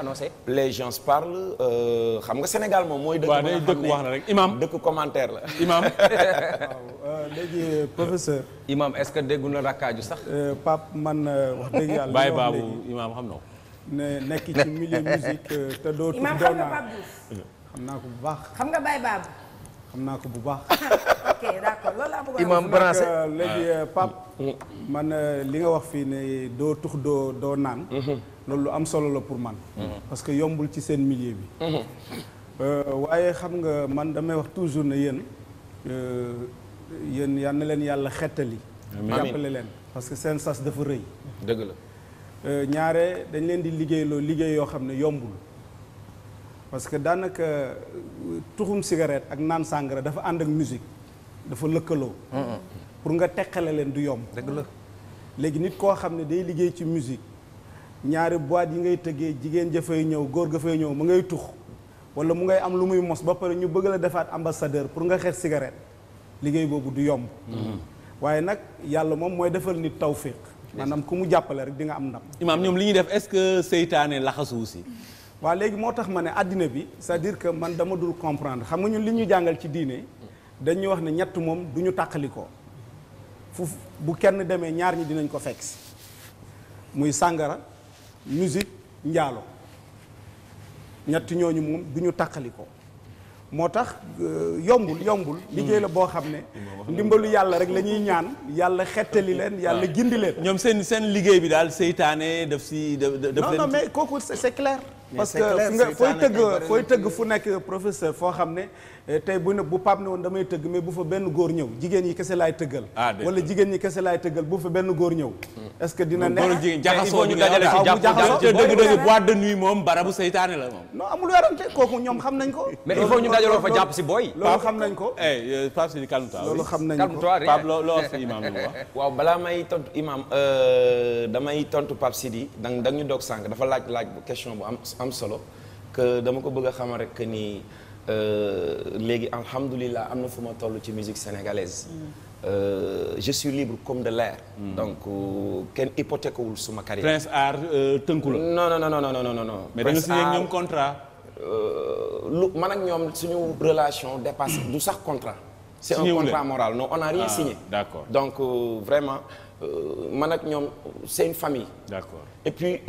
les gens parlent euh, xam nga Sénégal moom mooy. dëkk boo dëkk wax na rek imam dëkk commentaire la. imam waaw euh, léegi professeur. imam ce que déggu na rakkaaju sax. Euh, Pape man wax dëgg yàlla. Baye Babou imam xam na ko. ne nekk ci milieu musique naa ko bu baax. xam nga Baye Babou. xam naa ko bu baax. ok d'accord loolu laa bëggoon euh, léegi euh, Pape. Mm. man euh, li nga wax fii ne doo tux doo doo naan. Mm-hmm. loolu lu am solo la pour man. Mm-hmm. parce que yombul ci seen millier bi. Mm-hmm. waaye xam nga man damay wax toujours na yéen yéen yal na leen yàlla xettali. amiin jàppale leen parce que seen sas dafa rëy. dëgg la. ñaare dañ leen di liggéeyloo liggéey yoo xam ne yombul. parce que daanaka euh, tuxum cigarette ak naan sàngara dafa ànd ak musique dafa lëkkaloo. pour nga teqale leen du yomb. dëgg la léegi nit koo xam ne day liggéey ci musique ñaari boîte yi ngay tëggee jigéen ja fay ñëw góor ga fay ñëw mu ngay tux wala mu ngay am lu muy mos ba pare ñu bëgg la defaat ambassadeur pour nga xeex cigarette liggéey boobu du yomb. waaye nag yàlla moom mooy defal nit tawfiq maanaam ku mu jàppale rek di nga am ndam. imaam ñoom li ñuy def est-ce que seytaane laxasuusi waa léegi moo tax ma ne àddina bi c'est-à-dire que man dama dul comprendre xam nga ñun li ñu jàngal ci diine dañuy wax ne ñett moom du ñu tàqalikoo fu bu kenn demee ñaar ñi dinañ ko fekk si muy sàngara musique njaalo ñett ñooñu moom du ñu tàqalikoo moo tax euh, yombul yombul liggéey la boo xam ne ndimbalu yàlla rek la ñuy ñaan yàlla xettali leen yàlla gindi leen ñoom seen seen liggéey bi daal seytaane def si daf non non mais kooku c'est clair parce que fooy tëgg fooy tëgg fu nekk professeur foo xam ne Euh, tey bu ne bu pap ne woon damay tëgg mais bu fa benn góor ñëw jigéen ñi kese laay tëggal ah, wala jigéen ñi kese laay tëggal bu fa benn góor ñëw hmm. est-ce que dina nekk jigéen jaxasoo ñu dajale ci jàpp dëgg dëgg boîte de nuit moom barabu seytaane la moom non amul werante kooku ñoom xam nañ ko mais il faut ñu dajaloo fa jàpp si booy loolu xam nañ ko eh euh, pap si calme-toi loolu xam nañ ko pap loo wax imam lu wax waaw balaa may tontu imam euh, damay tontu pap Sidi dang dang ñu doog sànq dafa laaj laaj question bu am am solo que dama ko bëgg a xamal rek nii Euh, léegi alhamdulilah am na fu ma toll ci musique sénégalaise. Mm. Euh, je suis libre comme de l'air. Mm. donc euh, kenn hypothèque wul suma carrière. Prince Art tënku la. non non non non non non non. mais da nga signé ñoom contrat. lu man ak ñoom suñu relation dépasse du sax contrat. c'est un contrat moral non on a rien ah, d'accord donc vraiment ma ak ñoom c'est une famille. d'accord et puis.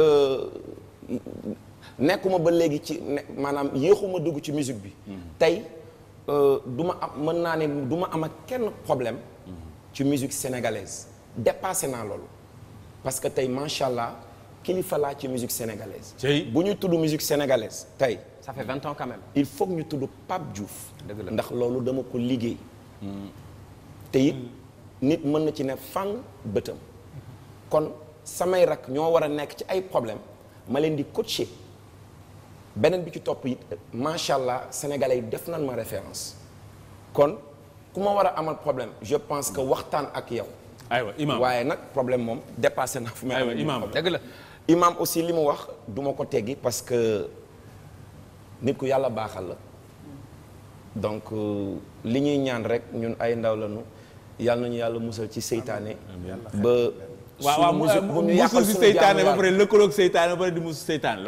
nekkuma ba léegi ci ne maanaam yéexuma dugg ci musique bi. Mm-hmm. tey euh, du ma am mën naa ne du ma am ak kenn problème. Mm-hmm. ci musique sénégalaise dépassé naa loolu. parce que tey macha allah kilifa laa ci musique sénégalaise. bu ñu tudd musique sénégalaise tey. ça fait vingt ans quand même. il faut que ñu tudd Pape Diouf. ndax loolu dama ko liggéey. Mm-hmm. te it nit mën na ci ne fang bëtam. kon samay rak ñoo war a nekk ci ay problème ma leen di coacher. beneen bi ci topp it macha allah sénégalais yi def nañ ma référence kon ku ma war a amal problème je pense que waxtaan ak yow. aywa imaam waaye nag problème moom dépassé na fu may. aywa imaam dëgg la imaam aussi li mu wax duma ko teggi parce que nit ku yàlla baaxal la donc euh, li ñuy ñaan rek ñun ay ndaw lañu yàlla nañu yàlla musal ci seytaane ba. waaw waaw euh, musu si seytaane ba pare lëkkaloog ba pare di musu seytaane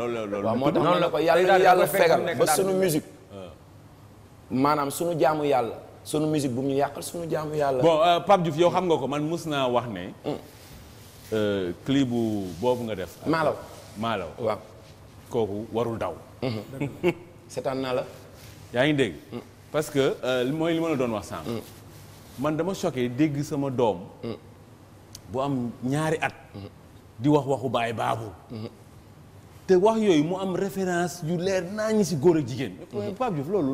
moo tax la ko yàlla yàlla fegal ba sunu maanaam sunu jaamu yàlla sunu musique bu mu ñu yàqal sunu jaamu yàlla bon euh, Pape Diouf yow xam nga ko man mus naa wax ne mm. euh, clip bu boobu nga def maalaw maalaw waaw kooku warul daw mm-hmm. seetaan naa la yaa ngi dégg mm. parce que mooy li ma la doon wax sànq mm. man dama choqué dégg sama doom bu am ñaari at di wax waxu baay baabu te wax yooyu mu am référence yu leer naa ñi si góor ak jigéen Pape Diouf loolu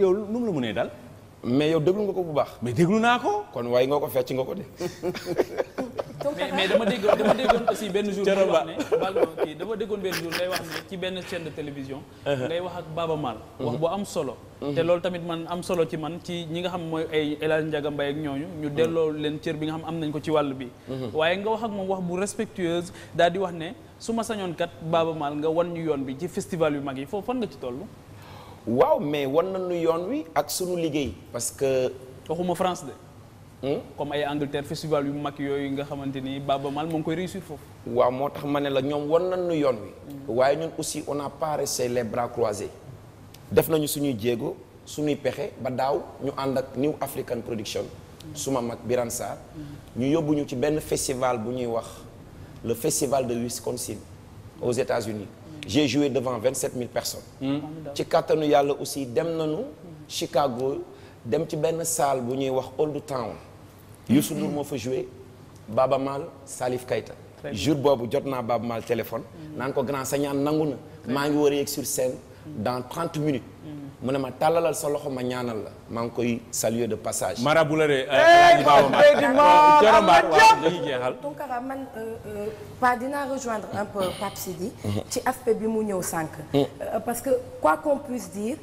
yow nu mu la mënee dal mais yow déglu nga ko bu baax. mais déglu naa ko. kon waaye nga ko fecc nga ko de. mais dama déggoon dama déggoon aussi benn jour. ngay wax ne bal dama déggoon benn jour ngay wax ne ci benn chaîne de télévision. Uh-huh. ngay wax ak Baba Mal. Uh-huh. wax bu am solo. Uh-huh. te loolu tamit man am solo ci man ci ñi nga xam mooy ay El Hadj Ndiaga ak ñooñu. ñu delloo leen cër bi nga xam am nañ ko ci wàll bi. waaye nga wax ak moom wax bu respectueuse daal di wax ne su ma sañoon baaba Baba Mal nga wan ñu yoon bi ci festival yu mag yi foofu fan nga ci toll. waaw mais wan nu yoon wi ak suñu liggéey parce que. waxuma France de. Hmm? comme ay Angleterre festival yu mag yooyu nga xamante ni Baba Maal moo ngi koy réussir foofu. waaw moo tax ma ne la ñoom wan nañu yoon wi. Hmm. waaye ñoom aussi on n'a pas resté les bras def nañu suñuy jéego suñuy pexe ba daaw ñu ànd ak New African Production. Hmm. suma mag Biran Sarr. ñu yóbbu ñu ci benn festival bu ñuy wax le festival de Wisconsin aux États-Unis j'ai joué devant 27000 personnes. Hmm. ci kattanu yàlla aussi dem nañu. Chicago dem ci benn salle bu ñuy wax Old Town. Youssou Ndour moo fa joué Baba Maal Salif Keita. jour boobu jot naa Baba Maal téléphone. Hmm. naan ko grand sañaan nangu na. maa ngi war a yegg sur scène. dans trente minutes. mu ne ma tàllalal sa ma ñaanal la ma ngi koy saluer de passage. marabu la de. donc man Pa euh, euh, dinaa rejoindre un peu Pape Sidi. Mm-hmm. ci aspect bi mu ñëw sànq. Mm-hmm. Euh, parce que quoi qu'on puisse dire.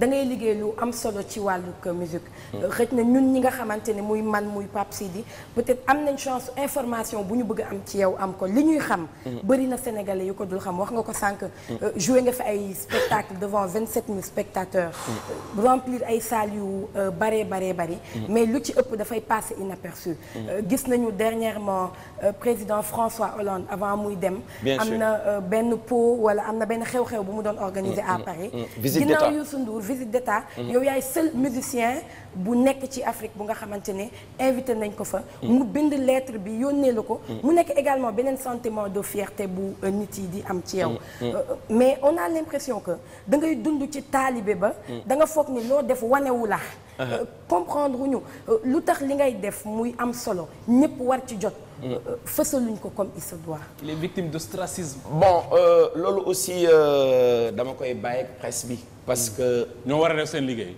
da ngay liggéey lu am solo ci wàllu musique xëj na ñun ñi nga xamante ne muy man muy Pape Sidi peut-être am nañ chance information bu ñu bëgg am ci yow am ko li ñuy xam mhm. bari na sénégalais yu ko dul xam wax nga ko sànq mhm. euh, joué nga fi ay spectacle devant vingt sept mille spectateurs mhm. remplir ay salles yu euh, bare bare bari mais lu ci ëpp dafay passé inaperçu euh, gis nañu dernièrement président François Hollande avant muy dem am na benn pot wala am na benn xew-xew bu mu doon organiser à Paris Ndour visite d'état yow yaay seul musicien bu nekk ci Afrique bu nga xamante ne invité nañ ko fa mu bind lettre bi yónnee la ko mu nekk également beneen sentiment de fierté bu euh, nit yi di am ci yow mm, mm. Euh, euh, mais on a l'impression que da ngay dund ci taalibe ba mm. danga nga foog ni loo def wanewu la uh-huh. comprendre ñu lu tax li ngay def muy am solo ñëpp war ci jot Euh, euh, fësaluñ ko comme il se doit. il est victime d'ostracisme. Euh, loolu euh, aussi dama koy bàyyi presse bi. parce que. ñoo war a def seen liggéey.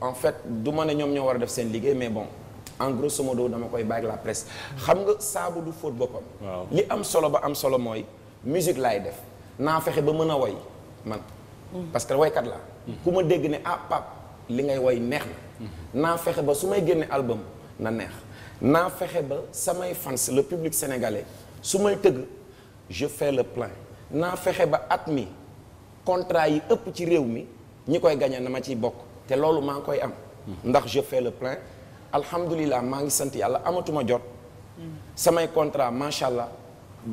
en fait du ma ne ñoom ñoo war a def seen liggéey mais bon en grosso dama koy bàyyi la presse xam nga saabu du fóot boppam. li am solo ba am solo mooy musique laay def naa fexe ba mën a woy man. parce que woykat la ku ma dégg ne ah pap li ngay woy neex na. Mm-hmm. naa fexe ba su may génne album na neex. naa fexe ba samay fans la public sénégalais su may tëgg je fais le plein naa fexe ba at mi contrat yi ëpp ci réew mi ñi koy gañe na ma ciy bokk te loolu maa ngi koy am ndax je fais le plein alhamdulilah maa ngi sant yàlla amatuma jot mm. samay contrat macha allah.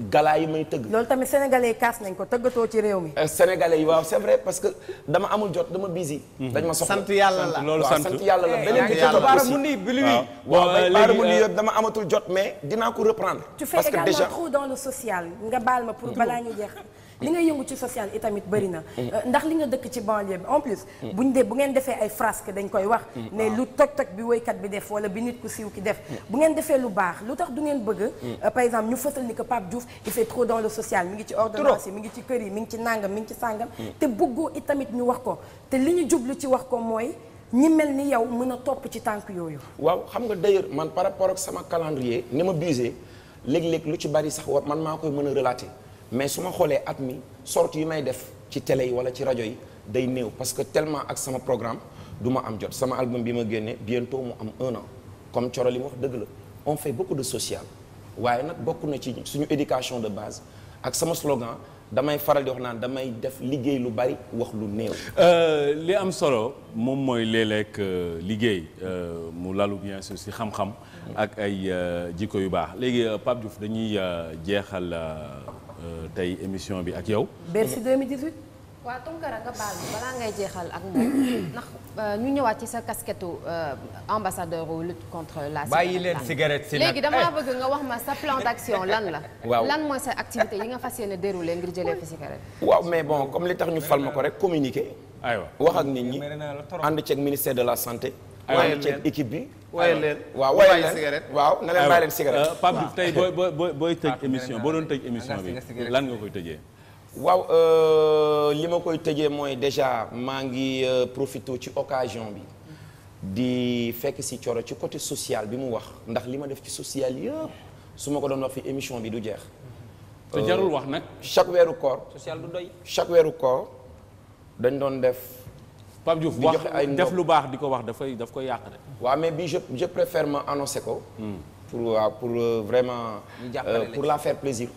galaa yi may tëgg. loolu tamit sénégalais yi kaas nañ ko tëggatoo ci réew mi. Euh, sénégalais yi waaw c'est vrai parce que dama amul jot dama busy. Mhm. dañ ma soxla sant yàlla la loolu sant yàlla la beneen bi ci topp aussi waaw léegi waaw léegi euh, dama amatul jot mais dinaa ko reprendre. parce que déjà tu dans le social nga baal ma pour balaa ñu jeex. li nga yëngu ci social itamit bëri na mm. euh, ndax li nga dëkk ci banlieue bi en plus mm. buñ dee bu ngeen defee ay frasque dañ koy wax mm. ne lu toj-toj bi woykat bi def wala bi nit ku siw ki def bu ngeen defee lu baax lu tax du ngeen bëgg euh, par exemple ñu fësal ni que Pape Diouf il fait trop dans le social mi ngi ci ordonnance yi mi ngi ci kër yi mi ngi ci nàngam mi ngi ci sàngam te bëggoo itamit ñu wax ko te li ñu jub lu ci wax ko mooy ñi mel ni yow mën a topp ci tànk yooyu. waaw xam nga d'ailleurs man par rapport ak sama calendrier ni ma busé léeg-léeg lu ci bari sax man maa koy mën a relater. mais su ma xoolee at mi sortie yu may def ci télé yi wala ci rajo yi day néew parce que tellement ak sama programme du ma am jot sama album bi ma génnee bientôt mu am un an comme Coro li mu wax dëgg la on fait beaucoup de social waaye nag bokk na ci suñu éducation de base ak sama slogan damay faral di wax naan damay def liggéey lu bari wax lu néew. Euh, li am solo moom mooy léeg-léeg euh, liggéey euh, mu lalu bien sûr si xam-xam. ak ay jikko yu baax léegi Pape Diouf dañuy jeexal. Euh, tey émission bi ak yow. Bercy 2018. waaw Tounkara nga baal ma balaa ngay jeexal ak moom ndax euh, ñu ñëwaat ci sa casquette euh, ambassadeur wu lutte contre la. bàyyi leen cigarette si nag léegi damaa eh. bëgg nga wax ma sa plan d'action lan la. waaw lan mooy sa activité yi nga fas yéene déroulé ngir jëlee fi cigarette. waaw mais bon comme li tax ñu fal ma ko rek communiquer. aywa wax ak nit ñi ànd ceeg ministère de la santé. ànd ceeg équipe bi. woyal leen waaw woyal waaw na leen bàyyi leen cigarette. Euh, Pape Diouf tey booy booy booy tëj émission boo doon tëj émission bi lan nga koy tëjee. waaw euh, li ma koy tëjee mooy déjà maa ngi euh, profité ci occasion bi. di fekk si Thioro ci côté social bi mu wax ndax li ma def ci social yëpp su ma ko doon wax fi émission bi du jeex. te jarul wax nag. chaque weeru koor. social du doy. chaque weeru koor dañ doon def. Pape Diouf def lu baax di ko wax dafay daf koy yàq de. waaw mais bi je je préfère ko. Hmm. pour waaw pour vraiment. Euh, pour euh, euh, la faire plaisir.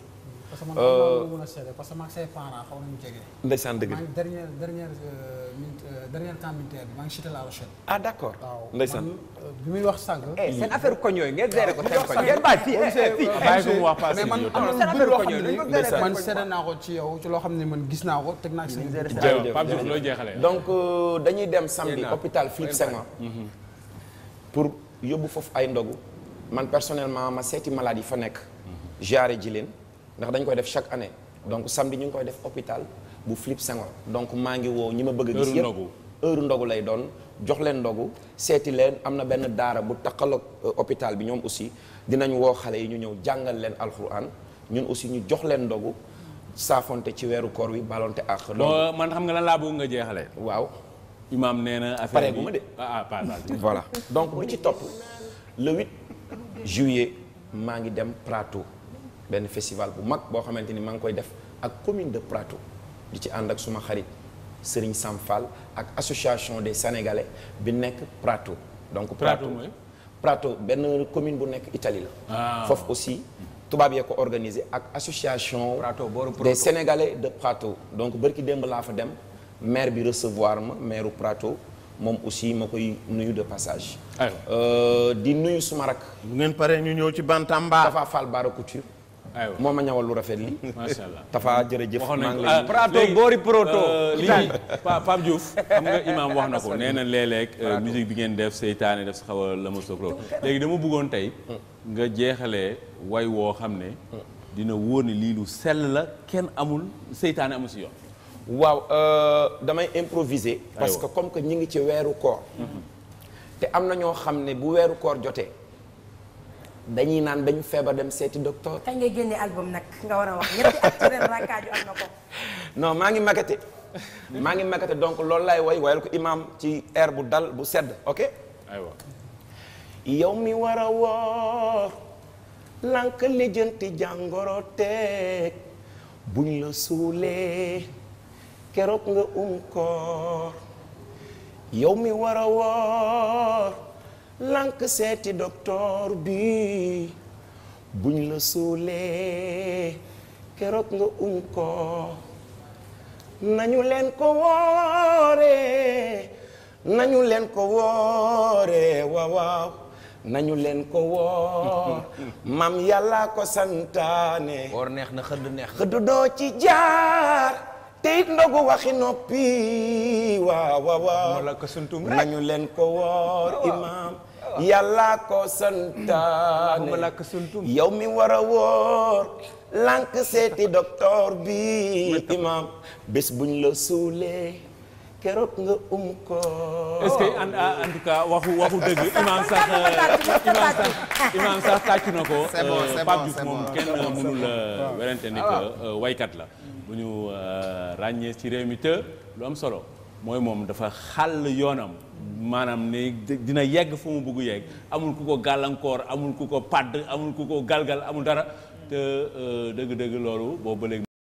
parce que man xam a seede euh, parce que man say parents xaw nañu jege. dëgg la Euh, dernier camp militaire bi maa ngi cité La Rochelle. Ah, euh, muy wax sànq. Eh, seen ko ah, seen koñ ngeen bàyyi fii fii. Eh, bàyyi ko eh, mu ci yow ci loo xam ne man gis naa ko teg naa ci seen. jërëjëf euh, dañuy dem samedi hôpital Philippe Senghor. Mhm. pour yóbbu foofu ay ndogu. man personnellement ma seeti malade yi fa nekk. Mhm. jaare ji leen ndax dañ koy def chaque année. donc samedi ñu ngi koy def hôpital bu Philippe Senghor donc maa ngi woo ñi ma bëgg a gis yëpp heure ndogu lay doon jox leen ndogu seeti leen am na benn daara bu taqaloog euh, hôpital bi ñoom aussi dinañ woo xale yi ñu ñëw jàngal leen alxuraan ñun aussi ñu jox leen ndogu saafonte ci weeru koor wi balonte ak euh, man xam nga lan laa bëgg nga jeexale waaw imaam nee na affaire bi pare gu ma de ah, ah voilà donc bu ci topp le juillet maa ngi dem prateau benn festival bu mag boo xamante ni maa ngi koy def ak commune de Prato di ci ànd ak suma xarit Serigne Sam Fall ak association des sénégalais bi nekk Prato. donc Prato mooy Prato benn commune bu nekk Italie la. Ah. foofu aussi tubaab yee ko organisé ak association. Prato des sénégalais de Prato. donc bërki démb laa fa dem maire bi recevoir ma maireu Prato. moom aussi ma koy nuyu de passage. Euh, di nuyu suma rak. bu ngeen ñu ñëw ci Bantamba. dafa Fall Bara Couture. moom a ñawal lu rafet li macha allah Tafa jërëjëf. waxoon nañu ko ah, prato boori proto. Euh, lii Pape Diouf xam nga Imaam wax na ko nee na léeg-léeg. Euh, bi ngeen def seytaane def sa a la ma soog léegi dama bëggoon tey. nga jeexale way woo xam ne. dina wóor ne lii lu sell la kenn amul seytaane amul si yoon. waaw euh, damay improviser. parce que comme que ñu ngi ci weeru koor. Mhm. te am na ñoo xam ne bu weeru koor jotee. dañuy naan dañu feebar dem seeti docteur. kañ nga génne album nag nga war a wax ñetti maa ngi maquette maa ngi maquette donc loolu laay woy woyal ko imaam ci air bu dal bu sedd ok. yow mi war a woor lànk lijjanti jàngoro teeg buñ la suulee keroog nga um koor yow mi war a woor. lànk seeti docteur bi buñ la suulee keroog nga um ko nañu leen ko wooree nañu leen ko wooree waaw ko woor maam yàllaa ko santaane woor neex na xëdd neex xëdd doo ci jaar te it ndogu waxi noppi waaw waaw waaw nañu leen ko woor imaam yàllaa ko santaane yow mi war a wóor lànk seeti docteur bi imam bés buñ la suulee keroog nga um ko. est-ce que en ah, en tout cas waxu waxu dëgg imaam sax imaam ko. Euh, c'est moom kenn mënul euh, ah. werante ni euh, waykat la. bu ñu ràññee ci réew mi te lu am solo mooy moom dafa xàll yoonam. maanaam ne dina yegg fu mu bëgg yegg amul ku ko gàllankoor amul ku ko padd amul ku ko galgal amul dara te euh, dëgg-dëgg loolu boobu ba